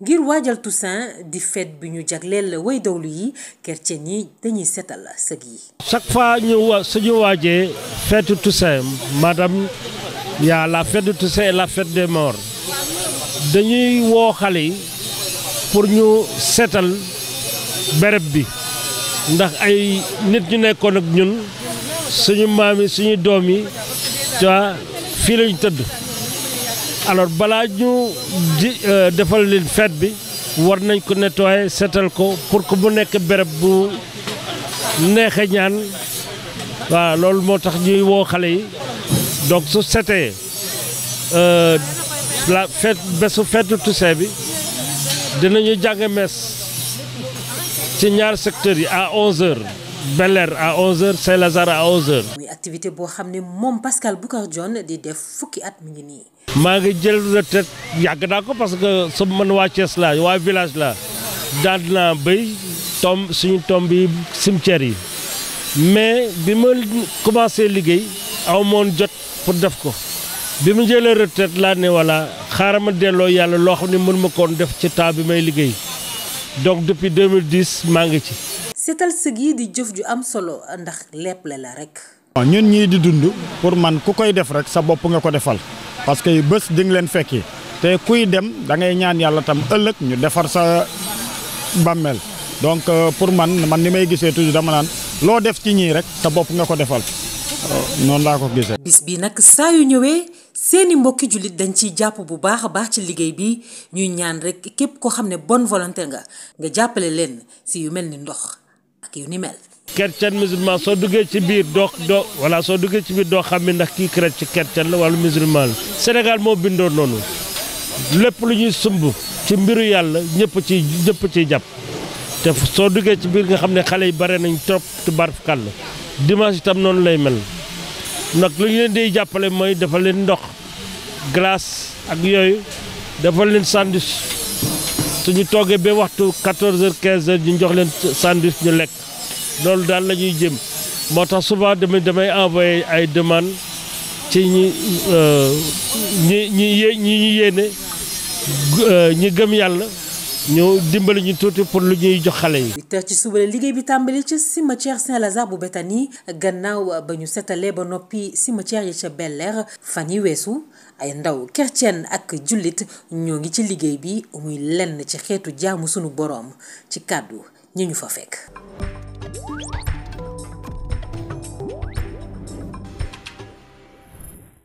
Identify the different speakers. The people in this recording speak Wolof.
Speaker 1: ngir waajal Toussaint di fête bi ñu jagleel way dawlu yi kercen yi dañuy seetal sëg yi.
Speaker 2: chaque fois ñu wa suñu waajee fête Toussaint madame yaa la fête de et la fête de morts dañuy woo xale yi pour ñu seetal béréb bi ndax ay nit ñu nekkoon ak ñun suñu maam yi suñu doom yi. ah fii lañu tëdd alors balaa ñu di euh, defal leen feet bi war nañ ko nettoyer seetal ko pour que mu nekk béréb bu neexe ñaan waaw loolu moo tax ñuy woo xale yi donc su setee euh, la fête bésu feetu Toussaint bi dinañu jàng mes ci ñaar secteurs yi à 11 heures Bel Air à 11h Saint-Lazare à 11h.
Speaker 1: muy activité boo xam ne moom Pascal Boucar Dione di def fukki at mu ngi nii.
Speaker 2: maa ngi jël retraite yàgg naa ko parce que su man waa Thiès laa waa village laa daan naa béy tomb suñu tomb yi cimetière yi mais bi ma commencé liggéey aw moon jot pour def ko bi mu jëlee retraite laa ne voilà xaaral ma delloo yàlla loo xam ne mën ma koon def ci temps bi may liggéey donc depuis 2010 maa ngi ci.
Speaker 1: seetal sëg yi di jëf ju am solo ndax lépp la la rek.
Speaker 2: ñun ñii di dund pour man ku koy def rek sa bopp nga ko defal parce que bës di nga leen fekki te kuy dem da ngay ñaan yàlla tam ëllëg ñu defar sa bàmmeel donc euh, pour man man ni may gisee toujours dama naan loo def ci ñii rek sa bopp nga ko defal euh, noonu laa ko gisee.
Speaker 1: bis nag saa yu ñëwee seeni mbokki jullit dañ ciy jàpp bu baax a baax ci liggéey bi ñuy ñaan rek képp koo xam ne bonne volonté nga nga jàppale leen si yu mel ni ndox. ak yu ni
Speaker 2: soo duggee ci biir doo doo soo duggee ci biir doo xam ne ndax kii chrétien la wala musulman la Sénégal moo bindoo noonu lépp lu ñuy sumb ci mbiru yàlla ñëpp ci ñëpp ciy jàpp te soo duggee ci biir nga xam ne xale yi bare nañ trop tubarkal la dimanche itam noonu lay mel nag lu ñu leen di jàppale mooy dafa leen ndox glace ak yooyu dafa leen sandwich su ñu toogee ba waxtu 14 heures 15 heures ñu jox leen sandwich ñu lekk loolu daal la ñuy jëm moo tax souvent damay damay envoyé ay demande ci ñi euh, ñi ñi ñi ñu yéene euh, ñi gëm yàlla ñoo dimbali ñu tuuti pour lu ñuy jox xale yi.
Speaker 1: te ci suba la liggéey bi tàmbali ca cimetière Saint-Lazare bu Béthanie gannaaw ba ñu setalee ba noppi cimetière yi ca Bel Air fan yi weesu ay ndaw chrétien ak jullit ñoo ngi ci liggéey bi muy lenn ci xeetu jaamu sunu boroom ci kàddu ñi ñu fa
Speaker 2: fekk.